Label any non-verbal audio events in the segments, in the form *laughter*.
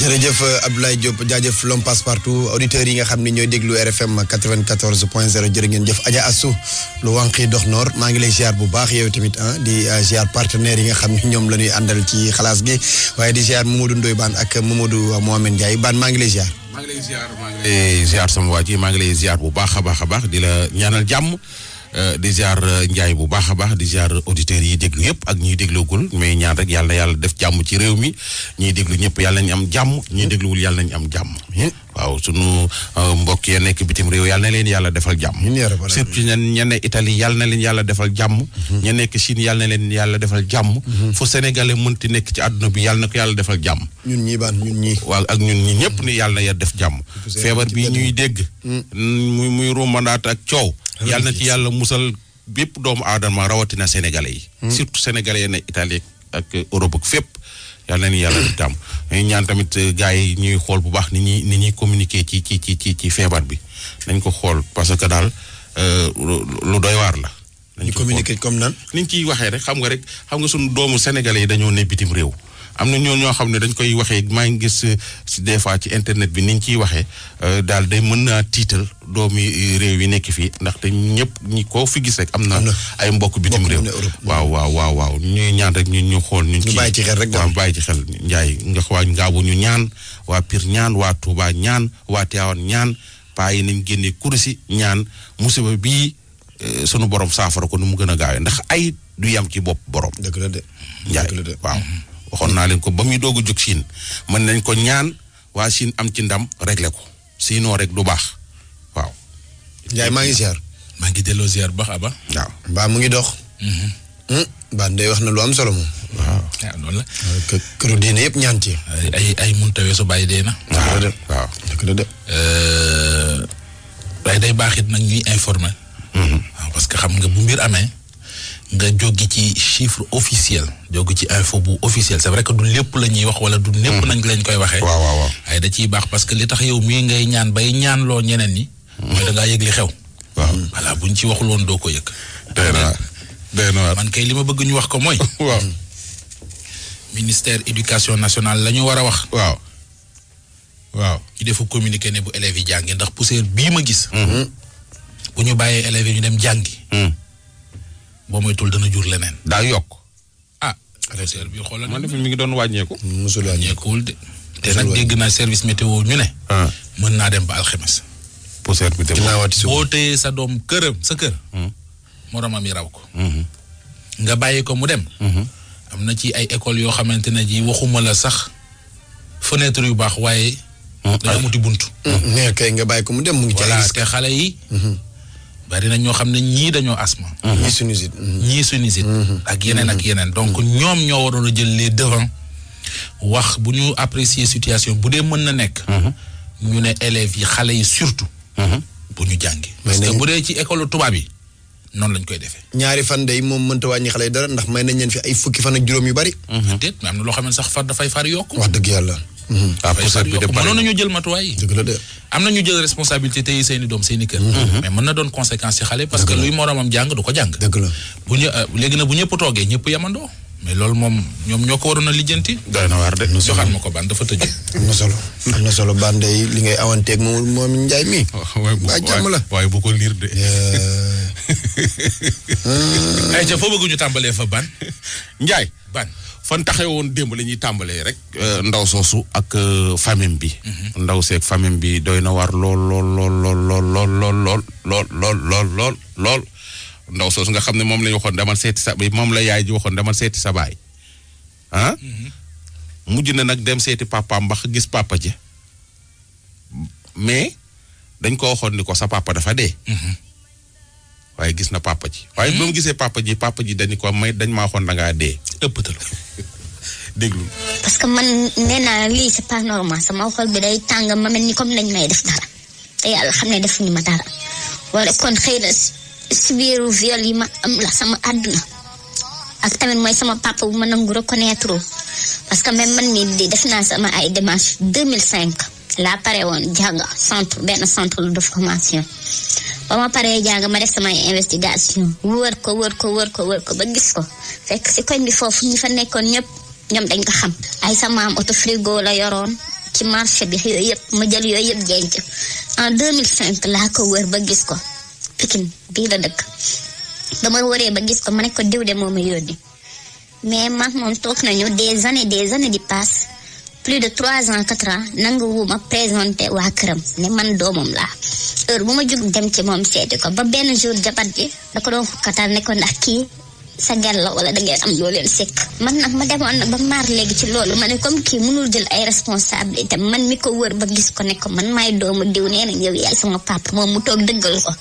jërëjëf euh, Abdoulaye Diop jaajëf l'homme passe partout auditeurs yi nga xam ne ñooy déglu RFM 94 point 0 jërë ngeen jëf Adja Assou lu wànqi dox noor maa ngi lay ziar bu baax yow tamit ah di euh, ziar partenaires yi nga xam ñoom la ñuy àndal ci xalaas gi waaye di ziar Mamadou Ndoye Bane ak Mamadou Mohamed Ndiaye Bane maa ngi maa ngi lay ziar maa ngi lay ziar sama waa ji maa ngi lay ziar bu baax a baax a baax di la ñaanal jàmm. Euh, di ziar euh, Ndiaye bu baax a baax di ziar auditeurs yi déglu yëpp ak ñuy dégloogul mais ñaan rek yàlla yàlla def jàmm ci réew mi ñuy déglu ñëpp yàlla nañu am jàmm ñuy dégluwul yàlla nañu am jàmm. Hmm? waaw sunu euh, mbokk ya nekk bitim réew yàlla na leen yàlla defal jàmm. Hmm, surtout ña ne itali yàlla na leen yàlla defal jàmm. Hmm. ña nekk Chine yàlla na leen yàlla defal jàmm. fu Sénégalais mënti nekk ci àdduna bi yàlla na ko yàlla defal jàmm. ñun ñii baan ñii. waaw ak ñun ñi ñëpp ni yàlla na def jàmm. feebar bi ñuy dégg. muy muy ruumanaat ak coow. yal na ci yàlla musal bépp doomu aadama rawatina sénégalais yi. Hmm. surtout sénégalais yi ne Italie ak Europe ak fépp. yàlla na ni yàlla def jàmm ñaan tamit euh, gars yi ñuy xool bu baax ni ñuy ni ñuy communiquer ci ci ci ci ci feebar bi nañ ko xool parce que daal euh, lu doy waar la. nañ ko communiquer comme nan. ni ñu ciy waxee rek xam nga rek xam nga suñu doomu sénégalais yi dañoo ne bitim réew. am na ñoo ñoo xam ne dañ koy waxee maa ngi gis euh, si des fois ci internet bi niñ ciy waxee euh, daal day mën naa tiital doomi euh, réew yi nekk fii ndaxte ñëpp ñi koo fi gis rek am na ay mbokk bitim réew waaw waaw waaw waaw ñuy ñaan rek ñu ñu xool ñu ñu bàyyi ci xel rek waaw bàyyi ci xel njaay nga waa ngaabu ñu ñaan waa piir ñaan waa tuubaa ñaan waa Tivaouane ñaan paa yi nañ génnee kursi ñaan musiba bii sunu borom saafara ko nu mu gën a gaawee ndax ay du yam ci bopp borom. dëgg la de. njaay waaw. waxoon naa leen ko ba muy doog a jóg mën nañ ko ñaan waa Chine am ci ndam réglé ko sinon rek du baax waaw. Ndiaye maa maa ngi delloo ziar baax Aba. waaw mu ngi dox. Mhm. Hmm? ba ndey wax na lu am solo moom. waaw ah loolu la. Ah, diine yëpp ñaan ci. ay ay mun tawee su bàyyi dee na. waaw euh, waaw day baax nag ñuy informer. Mhm. Ah, parce que xam nga bu mbir amee. nga jógi ci chiffre officiel jógi ci info bu officiel c'est vrai que du lépp la ñuy wax wala du lépp mm. nañ lañ koy waxee waaw waaw waaw ay da ciy baax parce que li tax yow mii ngay ñaan bay ñaan loo ñeneen ñi mooy da ngaa buñ ci waxuloon doo ko yëg man kay li ma bëgg ñu wax ko mooy *laughs* ministère éducation nationale la ñu war a wax waaw waaw ci defu communiqué ne bu élèves yi jàngi ndax poussière bii ma gis mm-hmm. bu ñu bàyyee élèves yi ñu dem jàngi mm. boo moytul dana jur leneen. daa yokk. ah réserve bi xoolal. man def mi ngi doon wàññeeku. mosul wàññeekuwul de. te nag dégg naa service météo ñu ne. Ah. mën naa dem ba alxemes. poussière bi boo téyee sa doom kër a sa kër. Hmm. moromam yi raw ko. Hmm. nga bàyyi ko mu dem. Hmm. am na ci ay école yoo xamante ne ji waxuma la sax fenêtre yu baax waaye. dañoo muti buntu. mais nga bàyyi ko mu dem mu ngi ci. voilà xale yi. bari na ñoo xam ne ñii dañoo asthme. Mhm. ñii sinusite. Mhm. ñii sinusite. Mhm. ak yeneen ak yeneen donc ñoom ñoo waroon a jël les devants wax bu ñu apprécier situation bu dee mën na nekk. ñu ne élèves yi xale yi surtout. bu ñu jàngi parce que bu dee ci école tubaab yi. noonu lañ koy defee. ñaari fan day moom mënta wàññi xale yi dara ndax may nañ leen fi ay fukki fan ak juróom yu bari. Mm-hmm. mais am na loo xam sax far dafay far yokk. wax dëgg yàlla. Mm-hmm. ah pousseur bi de jël matuwaay yi. dëgg la de. am na ñu jël responsabilité tey seeni doom seen i kër. Mm-hmm. mais mën na doon conséquence ci xale. parce que luy moromam jàng du ko jàng. dëgg la bu euh, léegi nag bu ñëpp toogee ñëpp yamandoo. mais loolu moom ñoom ñoo ko waroon a lijjanti. doy na waar de joxaat ma ko baan dafa tëju. am na solo am na solo baan day li ngay awanteeg moom moom Njaay mi. waaye jàmm waaye bu ko liir de. ay ca foo bëgg ñu tàmbalee fa baan. Njaay baan fan taxee woon démb la ñuy tàmbalee rek. ndaw soosu ak famille bi. ndaw seeg famille bi doy na waar lool lool lool lool lool lool lool lool lool lool lool. ndaw soosu nga xam ne moom la ñu waxoon demal seeti sa moom la yaay ji waxoon demal sa baay ah. Mm-hmm. mujj na nag dem seeti papaam mbax gis papa ji mais dañ ko waxoon ni ko sa papa dafa dee. Mm-hmm. waaye gis na papa ji. waaye ba mu mm-hmm. gisee papa ji papa ji dañ ko may dañ ma waxoon dangaa ngaa dee. ëppatal *laughs* déglu. parce que man nee naa lii c'est pas normal sama xol bi day tàng ma mel ni comme lañ may def dara te yàlla xam ne defuñu ma dara wala kon xëy subiru viol yi ma am la sama àdduna ak tamit mooy sama papa bu ma nangu reconnaître parce que même man mii di def naa sama ay démarche 2005 laa pare woon jàng centre benn centre de formation ba ma paree jàng ma def samay investigation wër ko wër ko wër ko wër ko ba gis ko fekk si koñ bi foofu ñi fa nekkoon ñëpp ñoom dañ ko xam ay sama am auto la yoroon ci marché bi yooyu yëpp ma jël yooyu yëpp jenc en 2005 laa ko wër ba gis ko Pikine bii la dëkk ba ma wëree ba gis ko ma ne ko diw de moo ma yónni mais ma moom toog nañu des années des années di passe plus de trois ans quatre ans nangu wu ma présenté waa këram ne man doomam laa heure bu ma jug dem ci moom seeti ko ba benn jour jabar ji da ko doon xukkatal ne ko ndax kii sa gel la wala da ngeen am loo leen sekk man nag ma demoon na ba maar léegi ci loolu ma ne comme kii mënul jël ay responsabilité man mi ko wër ba gis ko ne ko man maay doomu diw nee na yow yaay sama moom mu toog dëggal ko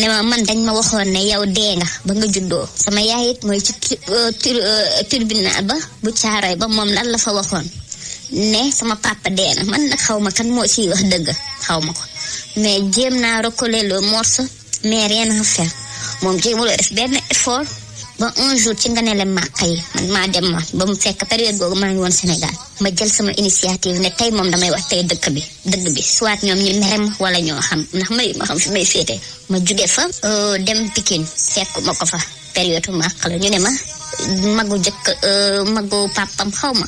ne ma man dañ ma waxoon ne yow dee nga ba nga juddoo sama yaay it mooy ci euh, euh, tribunal ba bu caaroy ba moom lan la fa waxoon ne sama papa dee na man nag xaw ma kan moo ci wax dëgg xaw ma ko mais jéem naa recoller le morceau mais rien à faire moom jéemuloo def benn effort ba un jour ci nga ne la màkk yi man maa dem ma ba mu fekk période boobu maa ngi woon Sénégal ma jël sama initiative ne tey moom damay wax tey dëkk bi dëgg bi soit ñoom ñu merem wala ñoo xam ndax may ma xam fi may féete ma juge fa euh, dem Pikine fekk ko fa période màkk la ñu ne ma magu jëkk euh, magu papam xaw ma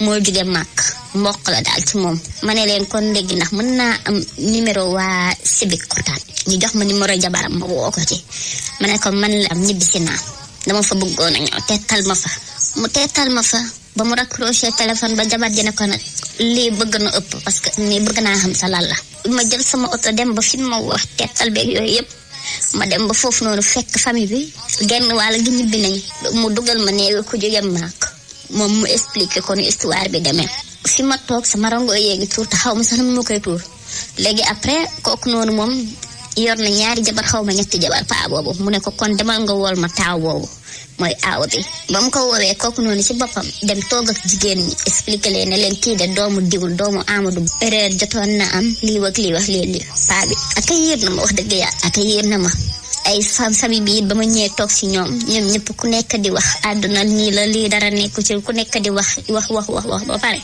moo juge màkk mboq la daal ci moom ma ne leen kon léegi ndax mën naa am numéro waa Sébikotane ñu jox ma numéro jabaram ma woo ko ci ma ne ko man la am ñibbisi naa dama fa bëggoon a ñëw teetal ma fa mu teetal ma fa ba mu raccroché téléphone ba jabar ji ne ko nag lii bëgg na ëpp parce que nii bëgg naa xam sa lan la ma jël sama oto dem ba fi ma wax teetal beeg yooyu yëpp ma dem ba foofu noonu fekk famille bi genn wàll gi ñibbi nañ mu dugal ma néew ku jóge maak moom mu expliqué ko ni histoire bi demee fi ma toog sama rango yeegi tuur te xaw ma sax ma koy tuur léegi après kooku noonu moom yor na ñaari jabar xaw ma ñetti jabar paa boobu mu ne ko kon demal nga wool ma taaw boobu mooy aaw bi ba mu ko woowee kooku noonu ci boppam dem toog ak jigéen ñi expliqué leen ne leen kii de doomu diwul doomu Amadou erreur jotoon na am lii wak lii wax lii lii bi aka yéer na ma wax dëgg yàlla aka yéer na ma ay femme famille bii it ba ma ñëwee toog si ñoom ñoom ñëpp ku nekk di wax àdduna nii la lii dara nekku ci ku nekk di wax wax wax wax wax ba pare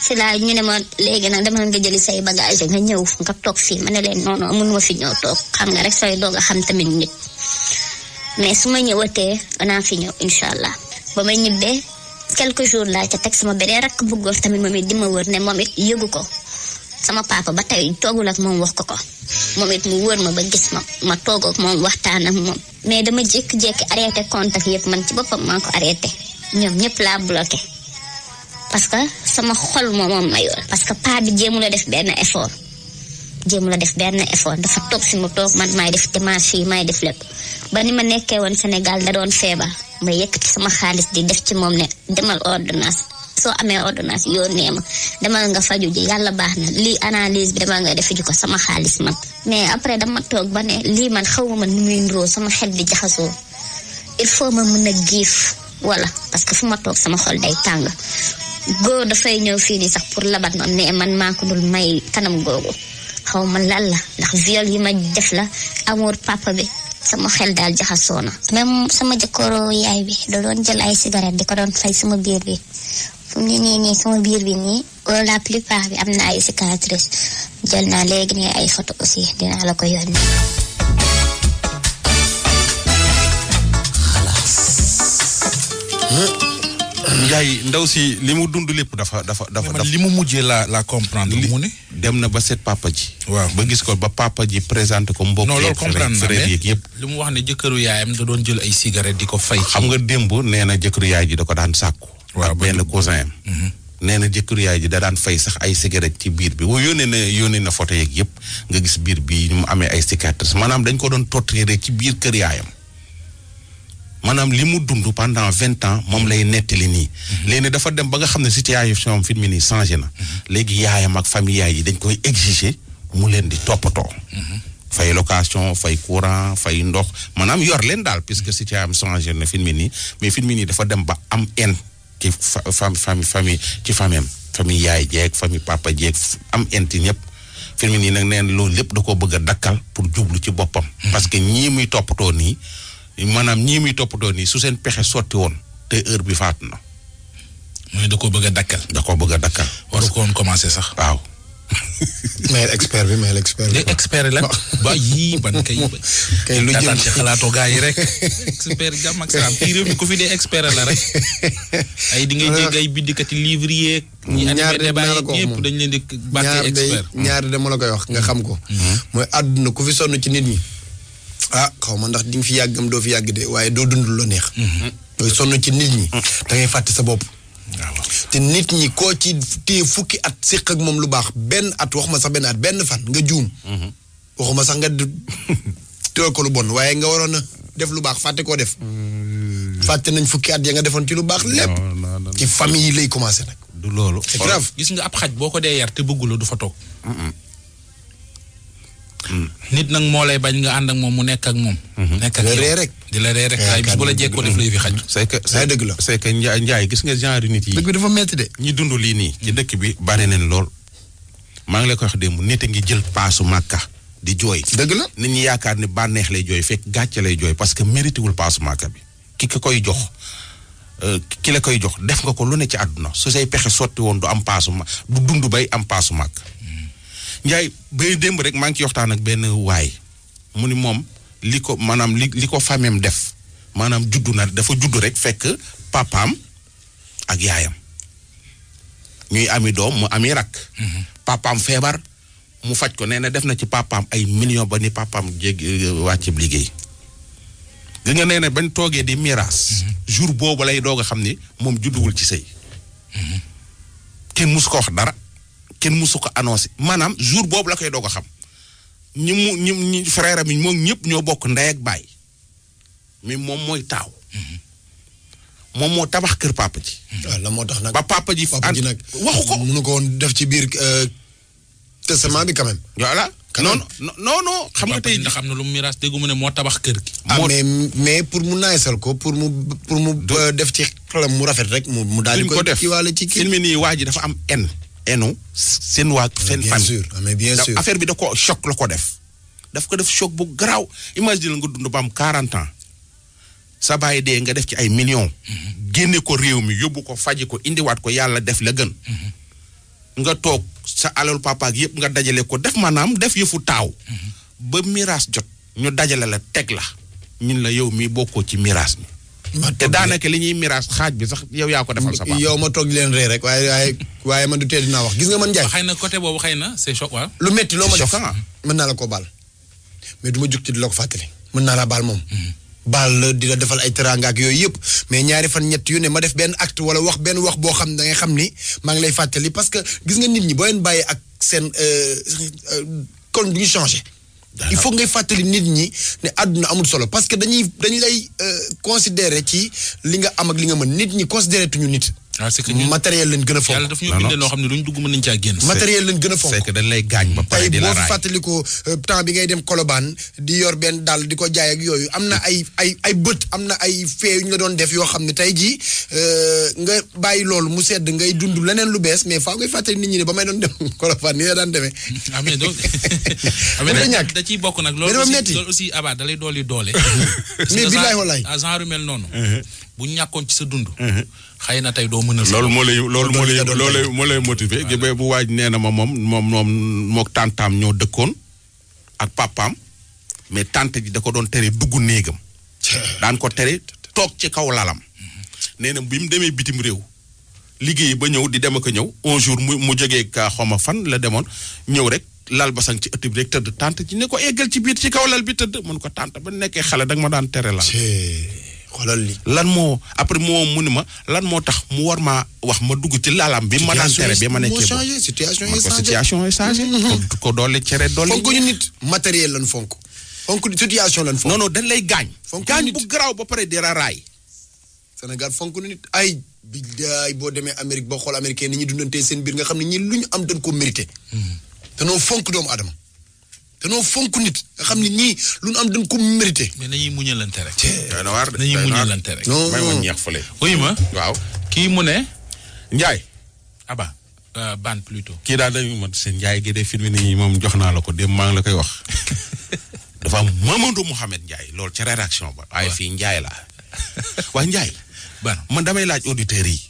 si laa ñu ne ma léegi nag dama nga jëli say bagage nga ñëw nga toog fii ma ne leen noonu mënu ma fi ñëw toog xam nga rek sooy doog a xam tamit nit mais su ma ñëwatee naa fi ñëw incha allah ba ma ñibbee quelque jours laa ca teg sama beneen rakk bu góor tamit moom it di ma wër ne moom it yëgu ko sama papa ba tey toogul ak moom wax ko ko moom it mu wër ma ba gis ma ma toog moom waxtaan ak moom mais dama jékki-jékki arrêté contact yëpp man ci boppam maa ko arrêté ñoom ñëpp laa bloqué parce que sama xol moom moom mayool parce que paa bi jéemu la def benn effort jéemu la def benn effort dafa toog si mu toog man maay def démarche yi maay def lépp ba ni ma nekkee woon Sénégal da doon feebar ma yëkkati sama xaalis di def ci moom ne demal ordonnance soo amee ordonnance nee ma demal nga faju ji yàlla baax na lii analyse bi demal nga def ji ko sama xaalis man mais après dama toog ba ne lii man xaw ma man nu muy niroo sama xel bi jaxasoo il faut ma mën a giif wala parce que fu ma toog sama xol day tàng góor dafay ñëw fii nii sax pour labat ma mais man maa ko dul may kanam googu xaw ma lan la ndax viol yi ma def la amour papa bi sama xel daal jaxasoo na même sama jëkkoro yaay bi da doon jël ay cigarette di ko doon fay sama biir bi fu mu ne nii nii sama biir bi nii wala la plupart bi am na ay cicatrices jël naa léegi nii ay photo aussi dinaa ndaw si li mu dund lépp dafa dafa dafa. li mu mujjee la la comprendre. mu ne dem na ba set papa ji. waaw ba gis ko ba papa ji présenté ko. mbokk non loolu comprendre na yëpp. li mu wax ne jëkkëru yaayam da doon jël ay cigarette di ko fay. xam nga démb neena na jëkkëru yaay ji da ko daan sàkku. waaw benn cousin am. Mhm. nee na jëkkër yaay ji da fay sax ay cigarette ci biir bi wala yónnee na yónnee na photo yeeg yëpp nga gis biir bi ñu mu amee ay cicatrices maanaam dañ ko doon torturer ci biir kër yaayam. maanaam li mu dund pendant vingt ans moom lay nettali nii. Mhm. léegi dafa dem ba nga xam ne situation fi mu nii changé na. Mhm. léegi yaayam ak famille yaay yi dañ koy exiger mu leen di toppatoo. fay location fay courant fay ndox maanaam yor leen daal puisque situation changé na fi mu mais fi mu nii dafa dem ba am en ci fam fam famille ci famem famille yaay jeeg famille papa jeeg am inti ñëpp firmi nii nag neen loolu lépp da koo bëgg a dakkal pour jublu ci boppam hmm. parce que ñii muy toppatoo nii maanaam ñii muy toppatoo nii su seen pexe sotti woon te heure bi faat na mu ne da koo bëgg a dakkal da koo bëgg a dakkal waru ko woon commencé sax waaw mayel expert bi mayel expert bi. expert yi lan ba yii ban kay. *laughs* kay ci xalaatoo gaa yi rek. *laughs* expert jàmm ak salaam kii réew mi ku fi de expert la rek. *laughs* ay di ngay dégg ay bindikati livre yeeg. ñaar de dama la dañ leen di bàkkee ñaar de dama la koy wax nga xam ko. Mm-hmm. mooy àdduna ku fi sonn ci nit ñi. ah xaw ma ndax di fi yàggam doo fi yàgg de waaye doo dund lu neex. mooy mm-hmm. sonn ci nit ñi. Mm-hmm. dangay ngay sa bopp. te nit ñi ko ci téye fukki at séq ak moom lu baax benn at waxuma sax benn at benn fan nga juum. waxuma sax nga *laughs* teel ko lu bon waaye nga waroon a def lu baax fàtte koo def. fàtte nañ fukki at ya nga defoon ci lu baax lépp. ci famille yi lay commencé nag. du loolu. gis nga ab xaj boo ko dee yar te bëgguloo du fa toog. nit nag moo lay bañ nga ànd ak moom mu nekk ak moom. Mhm. nekk ak yow rek di la ree rek. waaye bis bu la jekkoo def luy fi xaj. c'est que c'est dëgg la c'est que Njaay gis nga genre nit yi. dëgg dafa métti de. ñi dund lii nii. ci mm. dëkk bi bari nañ lool. maa ngi lay ko wax démb nit a ngi jël paasu Màkka di jooy. dëgg la nit ñi yaakaar ne bànneex lay jooy fekk gàcce lay jooy parce que mérité wul paasu Màkka bi ki ka koy jox. Euh, ki la koy jox def nga ko lu ne ci àdduna su say pexe sotti woon du am paasu ma du dund bay am paasu màkk Ndiaye bay démb rek maa ngi ci waxtaan ak benn waay mu ni moom li ko maanaam li ko famem def maanaam juddu na dafa juddu rek fekk papaam ak yaayam ñuy ami doom mu ami rak mhm. papaam feebar mu faj ko nee na def na ci papaam ay million ba ni papaam jéggi euh, wàccib liggéey gi nga nee bañ toogee di miraas mhm. jour boobu lay doog a xam ni moom judduwul ci sëy kenn mhm. mus ko wax dara kenn musu ko annoncé maanaam jour boobu la koy doog a xam ñi mu ñi ñi frère mi moom ñëpp ñoo bokk ndey baay mais moom mooy taaw. moom moo tabax kër papa ji. waaw la moo tax nag ba ji. papa ji nag waxu ko mënu ko woon def ci biir euh, testament bi quand même. voilà non non non xam nga tey ndax am na lu mu miraas mu ne moo tabax kër gi. Ah, ah, moo mais mais pour mu naayesal ko pour mu pour mu euh, def ci xelam mu rafet rek mu mu daal di ko. ko def ci wàllu ci kii nii waa ji dafa am en. enu ah, seen waa seen famille mais bien sûr bi da ko choc la ko def daf ko def choc bu garaaw imagine nga dund ba am 40 ans sa bàyyi de nga def ci ay millions mhm. génne ko réew mi yóbbu ko faji ko indiwaat ko yàlla def la gën mhm. nga toog sa alal papa yëpp nga dajale ko def maanaam def yëfu taaw mhm. ba miraas jot ñu dajale la teg la ñun la yow mii bokkoo ci miraas mi te daanaka li ñuy miraas xaaj bi sax yow yaa ko defal sa yow ma toog leen ree rek waaye waaye waaye man du tee dinaa wax gis nga man Ndiaye. xëy na côté boobu xëy na c'est choc lu metti loo ma def mën naa la koo baal mais du ma jug ci di mën naa la baal moom. baal di la defal ay teraanga yooyu yëpp mais ñaari fan ñett yu ma def benn acte wala wax benn wax boo xam da ngay xam ni maa ngi lay fàttali parce que gis nga nit ñi boo leen bàyyee ak seen euh, euh, kon du ñu changé. il faut ngay fàttali nit ñi ne àdduna amul solo parce que dañuy dañ lay euh, considérer ci li nga am ak li nga mën nit ñi considéré tuñu nit. ah c'est que ñun matériel lañ gën a fonk. yàlla daf ñu bindee loo xam ne luñ dugg mën nañ caa génn. matériel lañ gën a fonk. c'est que dañ lay gaañ ba pare di la raay tey boo fàttaliku euh, temps bi ngay dem Colobane di yor benn daal di ko jaay ak yooyu am na ay ay ay bët am na ay fee yu ñu la doon def yoo xam ne tey jii euh, nga bàyyi loolu mu sedd ngay dund leneen lu bees mais faaw ngay fàttali nit ñi ne ba may doon dem *laughs* Colobane ni la daan demee. *laughs* ah mais donc. *laughs* Ah, ñàkk da ciy bokk nag. loolu aussi loolu aussi Abba da lay dooli doole. mais billaay walaay. genre mel noonu. Uh-huh. bu ñàkkoon ci sa dund uh-huh. xëy na tey doo mën a. loolu moo lay loolu moo lay loolu moo lay motiver. waaw bu waaj nee na ma moom moom moom mook tàntaam ñoo dëkkoon ak papaam mais tànt ji da ko doon tere dugg néegam. *laughs* daan ko tere toog ci kaw lalam. Mm-hmm. nee na bi mu demee bitim réew. liggéey ba ñëw di dem a ko ñëw un jour mu mu jógee ka xawma fan la demoon ñëw rek lal basang ci ëtt bi rek tëdd tante ji ne ko eggal ci biir ci kaw lal bi tëdd mën ko tànt ba nekkee xale danga ma daan tere lal. xoolal li lan moo après moo mun ni ma lan moo tax mu war maa wax ma dugg ci laalam bi ma daan tere bi ma nekkee changé situation yi changé situation yi changé ko mm-hmm. doole cere doole fonk ñu nit matériel lan fonk fonk di situation lan fonk non non dañ lay gaañ gaañ bu garaw ba pare dira raay Sénégal fonk ñu nit ay billaay boo demee Amérique boo xool américain ni ñuy dundantee seen biir nga xam ne ñi lu ñu am dañ ko mérité mm-hmm. danoo fonk doomu adama danoo fonk nit nga xam ne ñii lu am dañ ko mérité. mais nañuy muñalante rek. doy na waar nañuy muñalante rek. non may ma ñeex fële. oui ma waaw. ki mu ne. Ndiaye. Aba. Euh, ban plutôt. kii daal dañu mot seen Ndiaye gi de film nii moom jox naa la ko démb maa la koy wax. *laughs* dafa am Mamadou Mouhamed Ndiaye loolu ca rédaction ba. waaye fii Ndiaye la waa Ndiaye. ban man damay laaj auditeurs yi.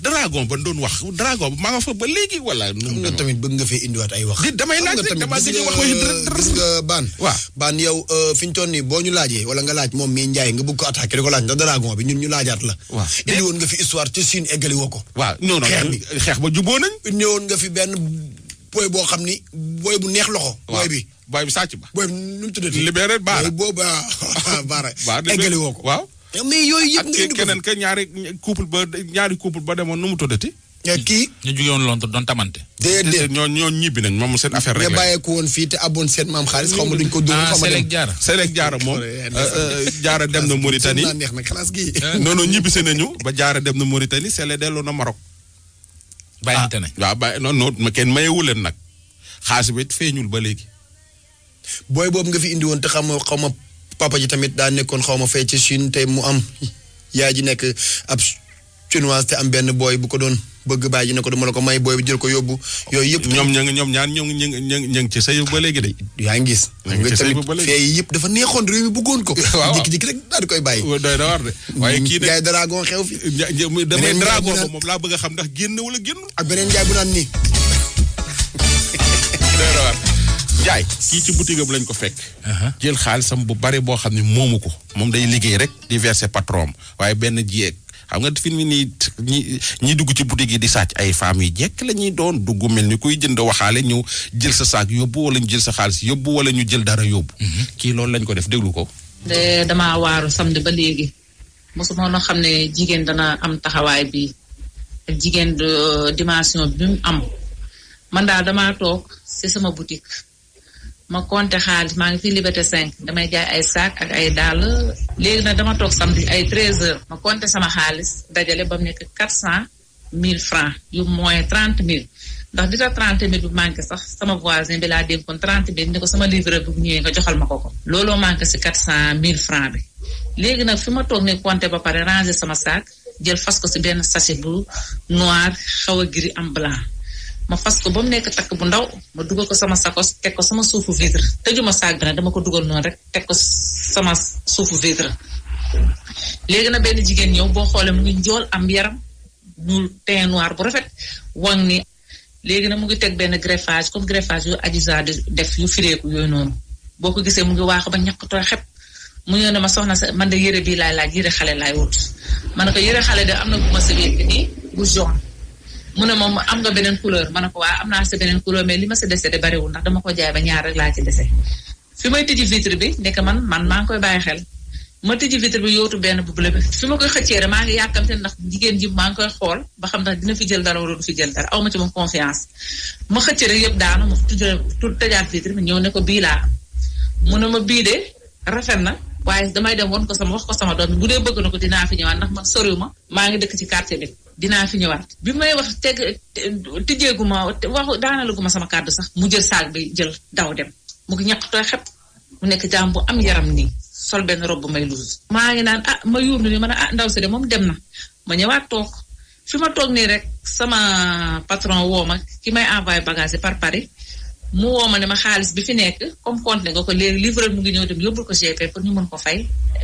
dragon ba doon wax dragon ba maa nga fa ba léegi wala. nu tamit bëgg nga fee indiwaat ay wax. di damay laaj rek damaa gis nga waaw Ban yow euh, fi ñu toll nii boo ñu laajee wala nga laaj moom mii Ndiaye nga bëgg ko attaqué di ko laaj ndax dragon bi ñun ñu laajaat la. waaw woon nga fi histoire ci Chine eggali woo ko. waaw non non xeex bi xeex ba juboo nañ. woon nga fi benn booy boo xam ni booy bu neex loxo. booy bi booy bi sàcc ba. booy bi nu mu tuddati. libéré baara booy boobu ah, *laughs* baara. baara eggali woo ko waaw. mais yooyu yëpp nga indi keneen ka ñaari couple ba ba demoon nu mu tuddati. kii ñu jóge woon Londres doon tamante. déedéet ñoo ñoo ñibbi nañ moom seen affaire rek la. bàyyeeku woon fii seen maam xaalis xaw ma ko dóor. ah Selek Diarra Selek Diarra moom. *laughs* Euh, euh, Diarra dem na Mauritanie. neex na classe gi. Eh? non non ñibbisi nañu ba Diarra dem na Mauritanie Selek delloo na Maroc. bàyyante ah, nañ waaw bàyyi non non kenn mayewu leen nag xaalis bi feeñul ba léegi. booy nga fi indi woon te xam xam a papa ji tamit daa nekkoon xaw ma fee ci tey mu am yaay ji nekk ab chinoise te am benn booy bu ko doon bëgg baay ji ne ko dama la ko may booy bi jël ko yóbbu. yooyu yëpp ñoom ña ñoom ñaar ñoom ña ña ña ngi ci sëy ba léegi de. yaa ngi gis. nga tamit fee yëpp dafa neexoon bëggoon ko. *laughs* waaw jékki rek daal di koy doy na war de waaye kii de. jaay dragon xew fi. damay dragon ba moom laa bëgg a xam ndax génn wala génn. ak beneen jaay bu naan nii. *laughs* jaay kii ci boutique lañ ko fekk. jël xaalisam bu bari boo xam ne moomu ko moom day liggéey rek diverse verser patron waaye benn jeeg xam nga fi mu nii ñi ñi dugg ci boutique yi di sàcc ay femmes yi jekk lañuy doon dugg mel ni kuy jënd waxaale ñëw jël sa saak yóbbu wala ñu jël sa xaalis yóbbu wala ñu jël dara yóbbu. Mhm. kii loolu lañ ko def déglu ko. de damaa waaru samedi ba léegi mosuma noo xam ne jigéen dana am taxawaay bi ak jigéen euh, dimension bi am man daal damaa toog ci sama boutique. ma compter xaalis maa ngi fii Liberté cinq damay jaay ay saak ak ay dàll léegi nag dama toog samedi ay 13 heures ma compter sama xaalis dajale ba mu nekk 400 000 francs yu moins trente 000 ndax di ta 30 000 bu manqué sax sama voisin bi laa dénkoon 30 000 ne ko sama livre bu ñëwee nga joxal ma ko ko. looloo manqué si 400 000 francs bi léegi nag fi ma toog ne conté ba pare ranger sama saak jël fas ko si benn sachet bu noir xaw am blanc. ma fas ko ba mu nekk takk bu ndaw ma dugal ko sama sakos teg ko sama suufu vitre tëjuma saag bi nag dama ko dugal noonu rek teg ko sama suufu vitre léegi na benn jigéen yow boo xoolee mu ngi jool am yaram ñuul teint noir bu rafet wang ni léegi na mu ngi teg benn greffage comme greffage yu Adiza di def yu fireeku yooyu noonu boo ko gisee mu ngi waax ba ñàkk tooy xep mu ñëw ne ma soxna sa man de yére bii laay laaj yére xale laay wut ma ne ko yére xale de am na ma sa mu ne moom am nga beneen couleur ma ne ko waa am naa sa beneen couleur mais li ma sa dese de bariwul ndax dama ko jaay ba ñaar rek laa ci dese fi may tijji vitre bi nekk man man maa ngi koy bàyyi xel ma tijji vitre yootu benn bu bleu bi ma koy xëccee rek maa ngi yàkkamte ndax jigéen ji maa ngi koy xool ba xam ndax dina fi jël dara wala du fi jël dara aw ma ci moom confiance ma xëccee rek yëpp daanu ma tudd tëjaat vitre bi ñëw ne ko bii laa mu ne ma bii de rafet na waaye damay dem won ko sama wax ko sama doom bu dee bëgg na ko dinaa fi ñëwaat ndax man soriwuma maa ngi dëkk ci quartier bi dinaa fi ñëwaat bi may wax teg tijjeegu ma wax daanalagu ma sama kàddu sax mu jël saag bi jël daw dem mu ngi ñaq tooy xep mu nekk jaam bu am yaram nii sol benn robe may luus. maa ngi naan ah ma yóob ni ma ne ah ndaw si de moom dem na ma ñëwaat toog fi ma toog nii rek sama patron woo ma ki may envoyé bagage par Paris mu woo ma ne ma xaalis bi fi nekk comme compte nga ko léegi livreur mu ngi ñëw dem yóbbul ko GP pour ñu mën ko fay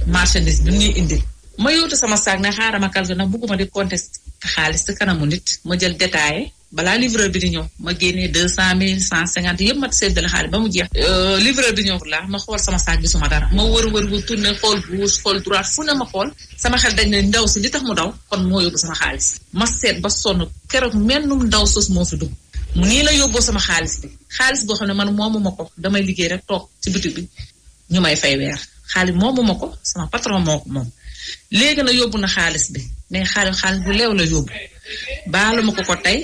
marchandise bi ñuy indil. ma yóotu sama saag ne ma calcul nag xaalis kanamu nit ma jël détaillé balaa livreur bi di ñëw ma génnee deux cent mille cent cinquante yëpp mat seddale xaalis ba mu jeex. Euh, livreur bi xool sama saag gisuma dara ma wër wër wër tourné xool gauche xool droite fu ne ma xool sama xel dañ ne ndaw si li tax mu daw kon moo yóbbu sama xaalis ma seet ba sonn keroog mennum ndaw sos moo fi dugg. nii la yóbboo sama xaalis bi xaalis boo xam ne man ma ko damay liggéey rek toog ci boutique bi ñu may fay weer xaalis moomuma ko sama patron moo moom léegi na yóbbu na xaalis bi mais xaalis xaalis bu leew la yóbbu baaluma ko ko tey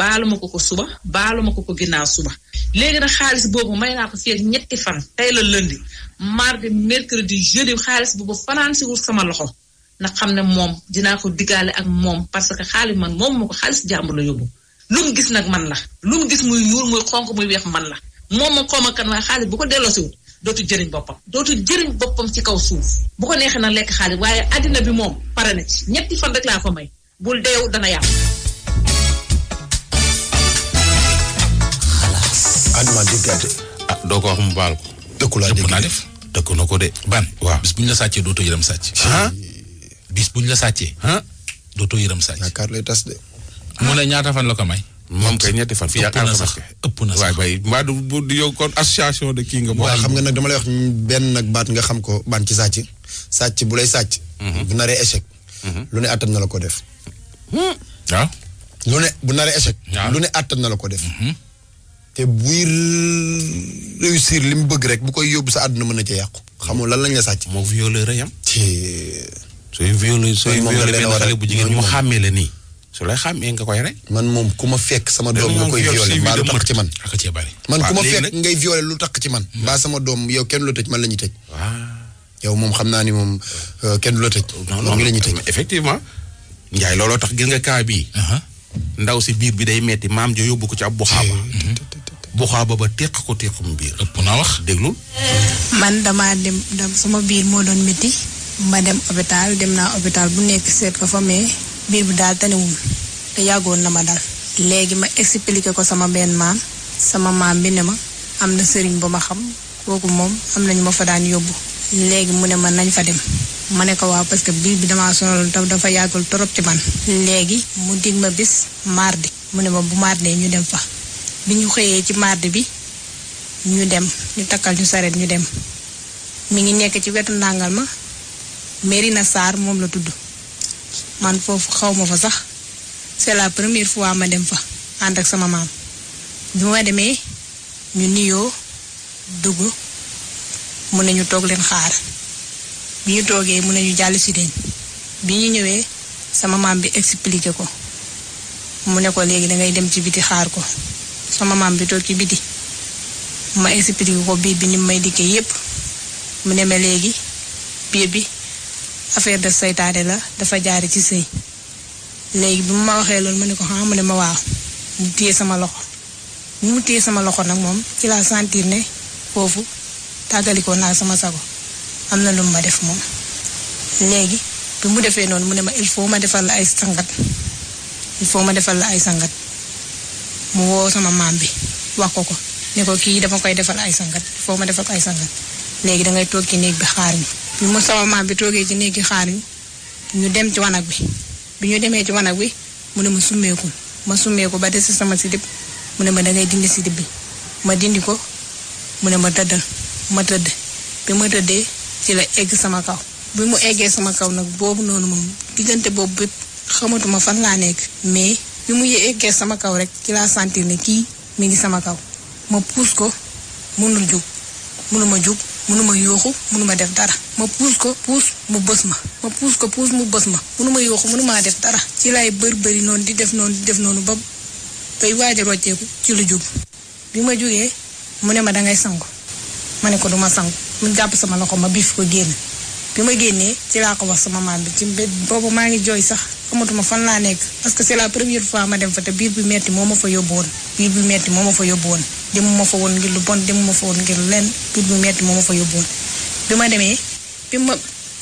baaluma ko ko suba baaluma ko ko ginnaaw suba léegi nag xaalis boobu may naa ko fii ñetti fan tey la lundi mardi mercredi jeudi xaalis boobu fanaan si sama loxo na xam ne moom dinaa ko diggaale ak moom parce que xaalis man moom ma ko xaalis jàmbur la yóbbu lu mu gis nag man la lu mu gis muy ñuul muy xonq muy weex man la moom ma koom kan waaye xaalis bu ko delloosiwul dootu jëriñ boppam dootu jëriñ boppam ci kaw suuf bu ko neexee na lekk xaalis waaye àddina bi moom pare na ci ñetti fan rek laa ko may bul deew dana yàqu. xalaas. Ah, doo ko wax mu baal ko. dëkku laa dégg naa def dëkku na ko de. ban waaw bis bu ñu la sàccee dootoo yërëm sàcc. Ah? bis bu ñu la sàccee. Ah? dootoo yërëm sàcc. yaakaar lay tas de. mu ne ñaata fan la ko may. moom kay ñetti fan. fii ak sax ëpp na sax waay mbaa du bu yow kon association de kii nga. waaw xam nga nag dama lay wax benn nag baat nga xam ko ban ci sàcc. sàcc bu lay sàcc. Mhm. bu naree échec. Mhm. lu ne attan na la ko def. Hmm. Ah? bu naree échec. Ah. lu ne attan na la ko def. Mhm. te buy réussir li mu bëgg rek bu koy yóbbu sa àdduna mën na ca yàqu. xamul lan lañ la sàcc. moo violé reyam. ci. sooy violé la violé benn xale bu jigéen ñu xàmmee la nii. su lay xàmmee nga koy rey. man moom ku ma fekk sama doom nga koy violé mbaa lu takk ci man. man ma fekk ngay violé lu takk ci man. mbaa sama doom yow kenn loo tëj man la ñuy tëj. yow moom xam naa ni moom hmm. euh, kenn du la tëj. moom ngi la ñuy tëj effectivement. Ndiaye looloo tax gis nga cas bii. Uh-huh. ndaw si biir bi day metti maam jo yóbbu ko ci ab buxaaba. Hmm. buxaaba ba teq ko tequm biir. ëpp naa wax déglul. man damaa dem sama biir moo doon métti ma dem hôpital dem naa hôpital bu nekk seet ko fa mais. biir bi daal tanewul yàggoon na ma dal léegi ma expliqué ko sama benn maam sama maam bi ne ma am na sëriñ bu ma xam kooku moom am nañu ma fa daan yóbbu léegi mu ne ma nañ fa dem ma ne ko waaw parce que biir bi damaa sonaloon tam dafa yàggul torop ci man léegi mu dig ma bis mardi mu ne ma bu mardi ñu dem fa bi ñu xëyee ci mardi bi ñu dem ñu takkal ñu saret ñu dem mu ngi nekk ci wetu ndàngal ma Mérina Sarr moom la tudd man foofu xaw ma fa sax c'est la première fois ma dem fa ànd ak sama maam bi ma demee ñu niyoo dugg mu ne ñu toog leen xaar bi ñu toogee mu ne ñu jàll si deñ bi ñu ñëwee sama maam bi expliqué ko mu ne ko léegi dangay dem ci biti xaar ko sama maam bi toog ci biti ma expliqué ko bii bi ni may dikkee yépp mu ne ma léegi biir bi affaire de seytaane la dafa jaare ci sëy léegi bi mu ma waxee loolu ma ne ko xam ah, mu ne ma waax mu téye sama loxo bi mu téye sama loxo nag moom ci laa sentir ne foofu tàggalikoo naa sama sago am na lu ma def moom léegi bi mu defee noonu mu ne ma il faut ma defal ay sangat il faut ma defal la ay sangat mu woo sama maam bi wax ko ko ne ko kii dama koy defal ay sangat il ma defal ay sangat léegi dangay toog ci néeg bi xaar mi ñu mu sama maam bi toogee ci néegi xaar yi ñu dem ci wanag bi bi ñu demee ci wanag wi mu ne ma summeekul ma summeeku ba des sama sidib mu ne ma dangay dindi sidib bi ma dindi ko mu ne ma tëddal ma tëdd bi ma tëddee ci la egg sama kaw bi mu eggee sama kaw nag boobu noonu moom diggante boobu bépp xamatuma fan laa nekk mais bi mu eggee sama kaw rek ci laa sentir ne kii mi ngi sama kaw ma puus ko mënul jóg ma jóg mënuma yooxu mënuma def dara ma puus ko puus mu bës ma ma puus ko puus mu bës ma mënuma yooxu mënumaa def dara ci laay bër bëri noonu di def noonu di def noonu ba bay waaj a rocceeku ci lu jóg bi ma jógee mu ne ma dangay sangu ma ne ko duma sangu mu jàpp sama loxo ma bii fu ko génn bi ma génnee ci laa ko wax sama maam bi ci boobu maa ngi jooy sax xamatuma fan laa nekk parce que c'est la première fois ma dem fa te biir bi metti moo ma fa yóbbu woon biir bi metti moo ma fa yóbbu woon demuma fa woon ngir lu bon demuma fa woon ngir lenn biir bi metti moo ma fa yóbbu woon bi ma demee bi ma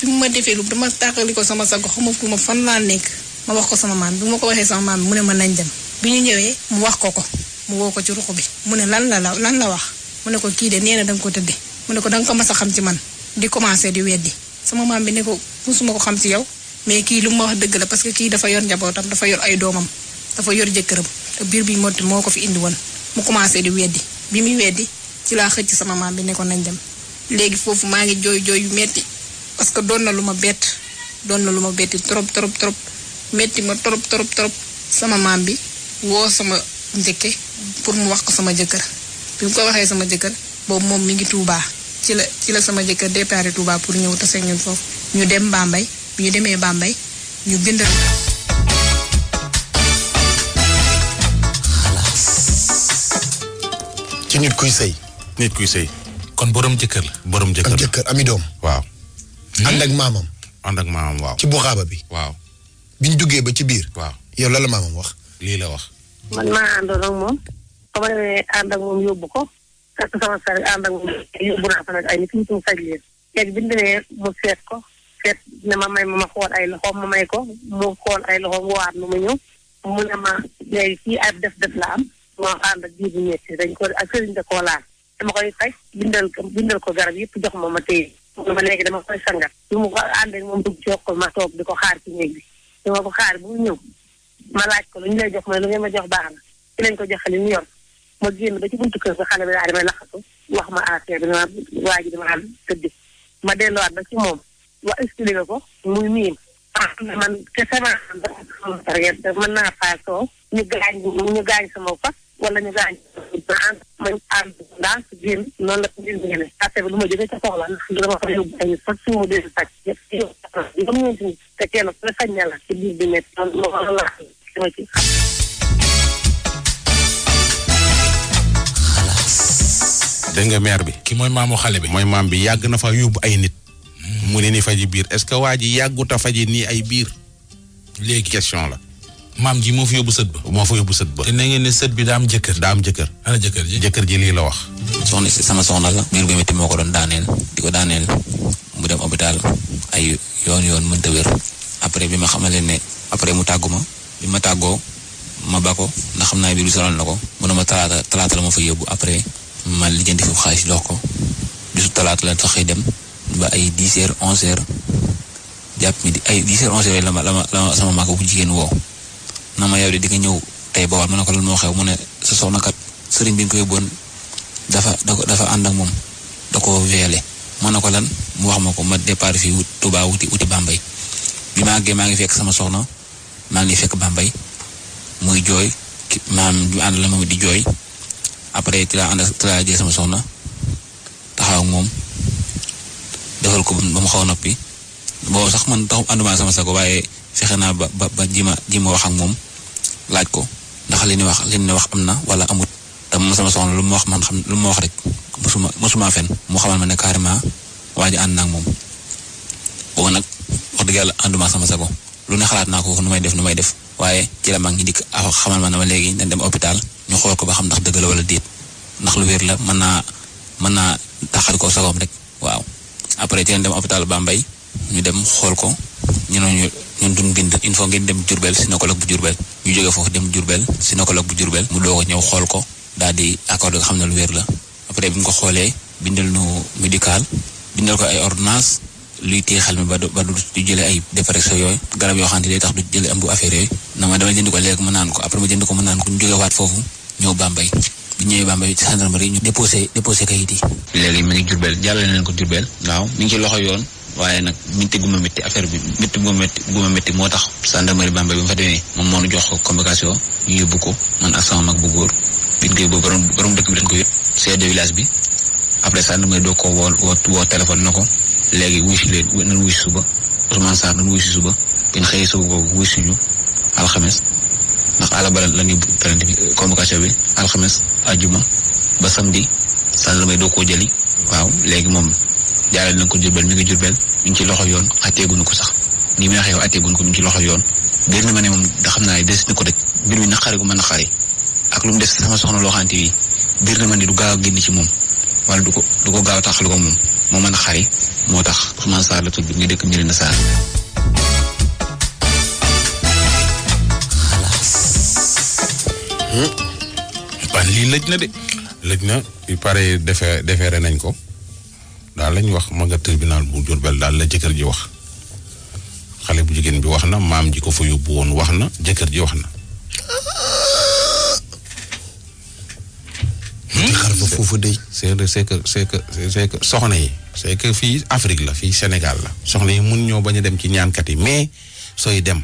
bi ma defee lu dama tàqali ko sama sago xamatuma fan laa nekk ma wax ko sama maam bi ma ko waxee sama maam bi mu ne ma nañ dem bi ñu ñëwee mu wax ko ko mu woo ko ci ruq bi mu ne lan la la lan la wax mu ne ko kii de nee na danga ko tëdde mu ne ko danga ko mas a xam ci man di commencé di weddi sama maam bi ne ko musuma ko xam ci yow mais kii lu ma wax dëgg la parce que kii dafa yor njabootam dafa yor ay doomam dafa yor jëkkëram te biir bi moo moo ko fi indi woon mu commencé di weddi bi muy weddi ci laa xëcc sama maam bi ne ko nañ dem léegi foofu maa ngi jooy jooy yu metti parce que doon na lu ma bett doon na lu ma betti trop trop trop metti ma trop trop trop sama maam bi woo sama njëkke pour mu wax ko sama jëkkër bi mu ko waxee sama jëkkër boobu moom mi ngi tuubaa ci la ci la sama jëkkër départ tubaab pour ñëw tase foofu ñu dem Bambey bi ñu demee Bambey ñu bindal. ci nit kuy nit kuy sëy. kon boroom jëkkër la. borom jëkkër la ak jëkkër ami doom. waaw. Hmm? ànd ak maamam. ànd ak maamam waaw. ci buxaaba bi. waaw. bi ñu duggee ba ci biir. waaw yow lan la maamam wax. lii la wax. man maa àndoon ak moom. xam nga ànd ak moom yóbbu ko. fekk sama sari ànd ak moom yóbbu naa fa nag ay nit ñu bi ñu demee mu ko seet ne ma may ma ma xool ay loxoom ma may ko mu xool ay loxoom waat nu ma ñëw mu ne ma léegi kii ab def-def la am moo ànd ak biir bu métti dañ ko ak sëriñ da koo laal dama koy faj bindal ko bindal ko garab yëpp jox ma ma téye mu ma léegi dama koy sangat bi mu moom dugg jox ma toog di ko xaar ci néeg bi dama ko xaar bu ñëw ma laaj ko lu ñu lay jox ma lu ngeen ma jox baax na ci lañ ko joxali ñu yor ma génn ba ci buntu kër ga xale bi daal di may wax ma affaire bi ma waa ji dama tëddi ma delluwaat ba ci moom wa expliqué ko muy miin ah man te sama mën naa faasoo ñu ñu gaañ sama fas wala ñu gaañ ma ànd ànd daal génn noonu la ko gën a génne affaire bi lu ma jógee ca soxla ndax dama fa yóbbu ay sax su ma dee sax yëpp te kenn ku ne sañ na la ci biir bi nekk noonu loolu la ci xam. dégg nga maire bi. ki mooy maamu xale bi. mooy maam bi yàgg na fa yóbbu ay nit. mu ne ni faji biir est-ce que waa ji yàggut a faji nii ay biir. léegi question la. maam ji moo fi yóbbu sët ba. moo fa yóbbu sët ba. na ngeen ne sët bi daa am jëkkër. daa am jëkkër. ana jëkkër wax. soxna si sama soxna la. biir bi moo ko doon daaneel. di ko daaneel mu dem hôpital ay yoon yoon mënta wér. après bi ma xamalee ne après mu tàggu ma bi ma tàggoo ma ba ko xam naa biir na ko mu ne ma talaata talaata la ma fa yóbbu après ma lijjanti fi xaalis dox ko bisu talaata la tax xëy dem ba ay dix heures jàpp mi di ay dix heures onze la ma la ma sama mag bu jigéen woow na ma yow de di nga ñëw tey ba waat ma ne ko lan moo xew mu ne sa soxna kat sëriñ bi nga ko yóbboon dafa dafa ànd ak moom da ko weele ma ne ko lan mu wax ma ko ma départ fii wut Touba wuti wuti Bambey bi ma àggee maa ngi fekk sama soxna maa ngi fekk mbay muy jooy maam ñu ànd la moom di jooy après ci laa ànd sama soxna taxaw ak moom defal ko ba mu xaw noppi boo sax man taxu ànduma sama sago waaye fexe naa ba ba ba ji ma ji ma wax ak moom laaj ko ndax li ñu wax li ñu wax am na wala amut te moom sama soxna lu mu wax man xam lu ma wax rek mosuma mosuma fen mu xamal ma ne carrément waa ji ànd naa moom boobu nag wax dëgg yàlla ànduma sama sago lu ne xalaat naa ko nu may def nu may def. waaye ci la mag ñi dikk a xamal ma ne ma léegi dañ dem hôpital ñu xool ko ba xam ndax dëgg la wala déet ndax lu wér la mën naa mën naa taxal ko sagoom rek waaw après ci lañ dem hôpital mbay ñu dem xool ko ñu ne ñu ñun duñ bind il faut ngeen dem Diourbel gynécologue bu Diourbel ñu jógee foofu dem Diourbel gynécologue bu Diourbel mu doo a ñëw xool ko daal di accord nga xam ne lu wér la après bi mu ko xoolee bindal nu médical bindal ko ay ordonnance luy téye mi ba du ba du jëlee ay dépression yooyu garab yoo xam ne day tax du jëlee am bu affaire yooyu. non man dama jënd ko léegi ma naan ko après ma jënd ko ma naan ko ñu jógee waat foofu ñëw Bambey bu ñëwee Bambey ci gendarmerie ñu yoon. waaye nag minti gu ma métti bi métti gu ma métti gu ma métti moo tax. gendarmerie Bambey bi ma fa demee. moom moo ñu jox ko convocation ñu yóbbu ko man ak sama mag bu góor. biñ koy boobu borom dëkk bi dañ ko yóbbu. chef de village bi après gendarmerie doo ko woo woo na ko léegi wuy si leen nan wuy si suba Ousmane Sarr nan wuy si suba ngeen xëyee suba boobu wuy si alxames ndax àll ba la ñuy pérante bi euh, convocation bi alxames ajuma ba samedi sàndarmay doo koo jëli waaw léegi moom jaarale nañ ko jurbel mi ngi jurbel mi ngi ci loxo yoon atteeguñu ko sax nii may waxee yow ko mi ngi ci loxo yoon biir na ma ne moom da xam naa des na ko rek mbir mi naqari gu ma naqari ak lu mu def sama soxna loo xamante bi biir na ma ne du gaaw a génn ci moom wala du ko du ko gaaw a taxal ko moom moo mën a xari moo tax Ousmane Sarr la tudd ñu dëkk Mérina Sarr. ban lii lëj na de. lëj na il paraît defee defeere nañ ko daal lañ wax ma nga tribunal bu Diourbel daal la jëkkër ji wax xale bu jigéen bi wax na maam ji ko fa yóbbu woon wax na jëkkër ji wax na. foofu dëj c'est que c'est que c'est que c'est que soxna yi c'est que fii Afrique la fii Sénégal la soxna yi mun ñoo bañ a dem ci ñaankat yi mais sooy dem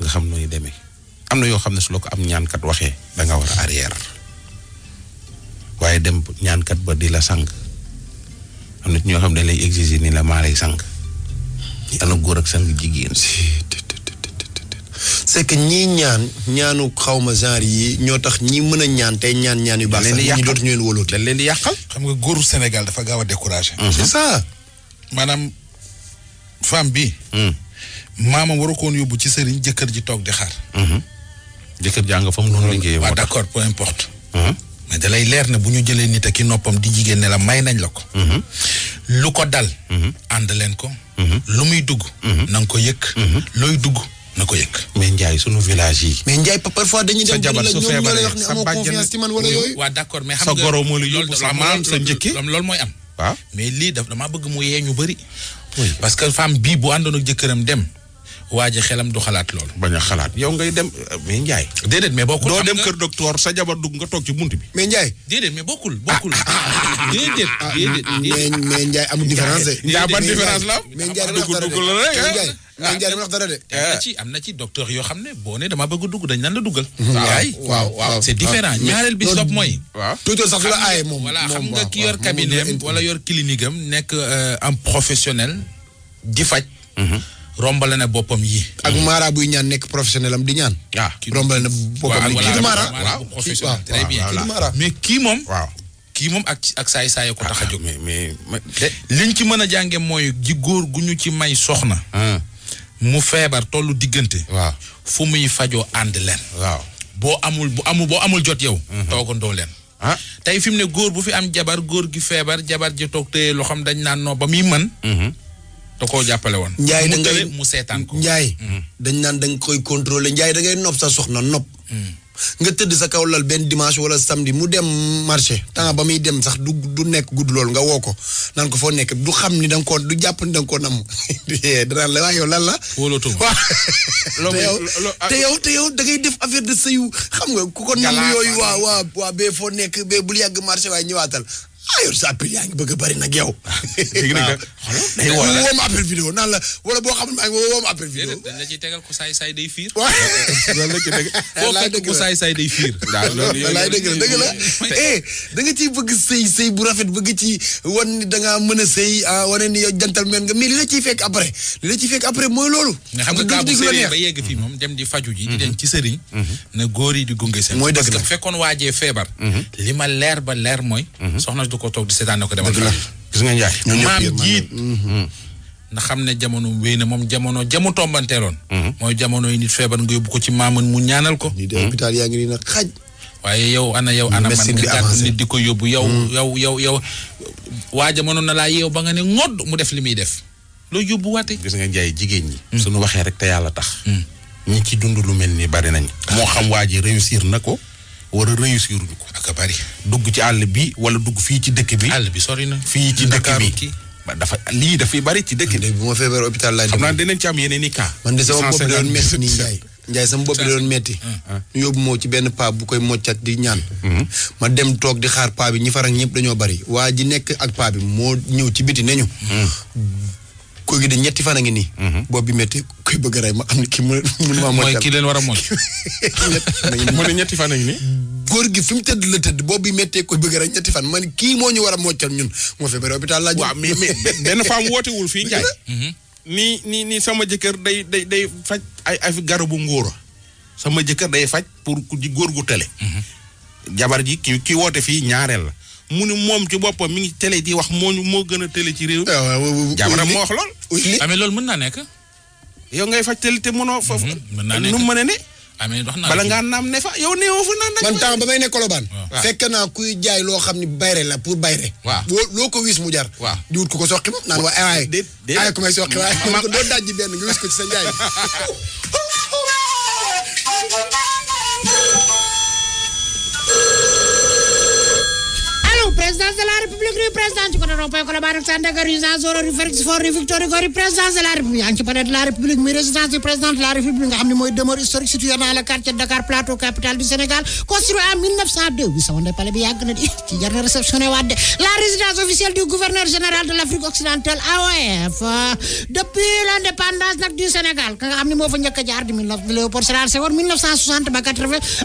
nga xam nooy demee am na yoo xam ne su la ko am ñaankat waxee da nga war a arrière waaye dem ñaankat ba di la sànq am na ci ñoo xam ne dañ lay exiger ni la maa lay sànq yàlla góor ak sànq jigéen si c'est que ñii ñaan ñaanu xawma genre yi ñoo tax ñii mën a ñaan tey ñaan ñaan yu baax sax ñi dootu ñu leen wóoloot leen di yàqal xam nga góoru Sénégal dafa gaaw a découragé mm-hmm. c'est ça maanaam femme bi mm. maamam waru koon yóbbu ci sëriñ jëkkër ji toog di xaar mm-hmm. jëkkër jàng fa mu doon liggéey waaw d'accord peu importe mm-hmm. mais lay leer na bu ñu jëlee nit ak i noppam di jigéen ne la may nañ la ko lu ko dal ànd leen ko lu muy dugg na ko yëg looy dugg na ko yëg. mais Ndiaye sunu village yi. mais Ndiaye parfois dañuy dem. sa jabar su feebaree wax ne amoo confiance ci yooyu. waa d'accord mais xam nga sa goro moo sa maam sa njëkki loolu mooy am. waaw mais lii daf damaa bëgg mu yee ñu bëri. parce que fem bii bu àndoon ak jëkkëram dem. waa ji xelam du xalaat lool. bañ a xalaat yow ngay dem mais Ndiaye. déedéet mais bokkul doo dem kër docteur sa jabar dugg nga toog ci bunt bi. mais Ndiaye. déedéet bokkul bokkul. Ah, ah, ah, déedéet déedéet. mais différence la am. mais Ndiaye la rek. mais Ndiaye wax dara de. am na ci am na ci docteur yoo xam ne boo ne dama bëgg dugg dañ nan la duggal. Mhm. waaw waaw c'est différent ñaareel bi sopp mooy. waaw sa sax du la aaye moom. voilà xam nga ki yor cabinet am yor clinique am nekk euh, un professionnel di faj. Mhm. rombale na boppam yi. ak Mara buy ñaan nekk professionnel am di ñaan. waaw ah, rombale na boppam yi kii mais kii moom. waaw kii moom ak ak saay saay ko tax a ah, jóg. mais mais liñ ci mën a jànge mooy ji góor gu ñu ci may soxna. Ah. mu feebar tollu diggante. waaw fu muy fajoo ànd leen. waaw boo amul bu amul boo amul jot yow. Mhm. toogandoo leen. ah tey fi mu ne góor bu fi am jabar góor gi feebar jabar ji toog téye loxoom dañ naan noo ba muy man mhm. da koo jàppale woon. njaay da ngay mu seetaan ko njaay. Mm-hmm. dañ naan da koy contrôler njaay da ngay nopp sa soxna nopp. Mm. nga tëdd sa kaw lal benn dimanche wala samedi mu dem marché temps ba muy dem sax du du nekk gudd lool nga woo ko naan ko foo nekk du xam ni da nga du jàpp ni da nga koo namm *laughs* danaan la waaye yow lan la. wóolootu *laughs* ma ah te yow te yow dangay def affaire de sëyu xam nga ku ko. namm yooyu waa waa waa foo nekk bee bul yàgg marché waaye ñëwaatal ayur ah, sa a bëri nag yow. Ah, léegi *laughs* nag ah, day la woo boo xam ne maa ngi woo ma appel vidéo. dañ la ciy tegal ku saay saay day fiir. waaw *laughs* loolu la ci dëgg. la dëgg *laughs* la eh, da nga ciy bëgg sëy sëy bu rafet bëgg ci wan ni da ngaa mën a sëy wane ni yow jantal meen nga mais li la ciy fekk après li la ciy fekk après mooy loolu. nga xam nga bu sëriñ ba yegg fii moom dem di faju ji. di mm-hmm. dem ci sëriñ. Mm-hmm. na góor yi di gunge seen. mooy dëgg la parce que fekkoon waajee feebar. Mm-hmm. li ma leer ba leer mooy soxna waratu ko toog di seetaan ne ko demal. dëgg la gis nga Ndiaye. maam jiit mhm. na xam ne jamono wéy na moom jamono jamu tombanteeloon. Mhm. mooy jamono yi nit feebar nga yóbbu ko ci maaman mu ñaanal ko. lii de hôpital nag xaj. waaye yow ana yow ana nit di ko yóbbu yow mhm. yow yow yow waa jamono na laa yow ba nga ne ŋodd mu def li muy def loolu yóbbu waate gis nga Ndiaye jigéen ñi suñu waxee rek te yàlla tax ñi ci dund lu mel ni bari nañ ah. moo xam waa ji réussir na ko war a réussir ñu ko. ak bari dugg ci àll bi wala dugg fii ci dëkk bi. àll bi sori na fii ci dëkk bi dafa lii dafay bari ci dëkk bi. bu ma feebar hôpital laay xam naa dinañ ci am yeneen i cas. man de sama bopp doon metti nii Ndiaye. *laughs* Ndiaye sama bopp doon metti. Ah. ñu yóbbu moo ci benn paa bu koy moccat di ñaan. Mm-hmm. ma dem toog di xaar paa bi ñi farak ñëpp dañoo bari waa ji nekk ak paa bi moo ñëw ci biti nañu. koo gi de ñetti fan a ngi nii. Mhm. boobu bi métti kuy bëgg a rey ma am ki mu munuma. mooy ki leen war a mool *laughs* mu ne ñetti fan a ngi góor gi fi mu tëdd la tëdd boobu bi méttee bëgg rek ñetti fan man kii moo ñu war a moo feebaree hôpital laaj. waaw mais mais benn femme wootewul fii Ndiaye. *laughs* Mhm. nii nii sama jëkkër day day day faj ay ay garabu ngóora. sama jëkkër day faj pour ku góor gu tele mhm. jabar ji ki woote fii ñaareel la. mu ni moom ci boppa mi ngi télé di wax moo ñu moo gën a télé ci réew mi. Ah, Jamra moo wax lool. amee loolu mën naa nekk. yow ngay faj télé te mënoo foofu. mën naa nekk nu mu ne a ne. amee wax naa bala ngaa naam ne fa yow nee woo fa naan. man temps ba may ne Colobane. waaw fekk naa kuy jaay loo xam ni bayre la pour bayre. waaw loo ko wis mu jar. waaw di ku ko soqi ma naan waaye waaye. déet déet ay ku may soqi waaye. maa ko *laughs* doo dajji benn nga wis ko ci sa njaay. *laughs* présidence de la république rue président ci côté rond-point Colobane ak Sandaga rue Jean Jaurès présidence de la république yaa ci palais de la république muy résidence du président de la république nga mooy demeure historique situé dans le quartier de Dakar plateau capitale du Sénégal construit en résidence officielle du gouverneur général de l'Afrique occidentale AOF depuis l'indépendance nag du Sénégal ka nga moo fa njëkk a jaar di Léopold Sédar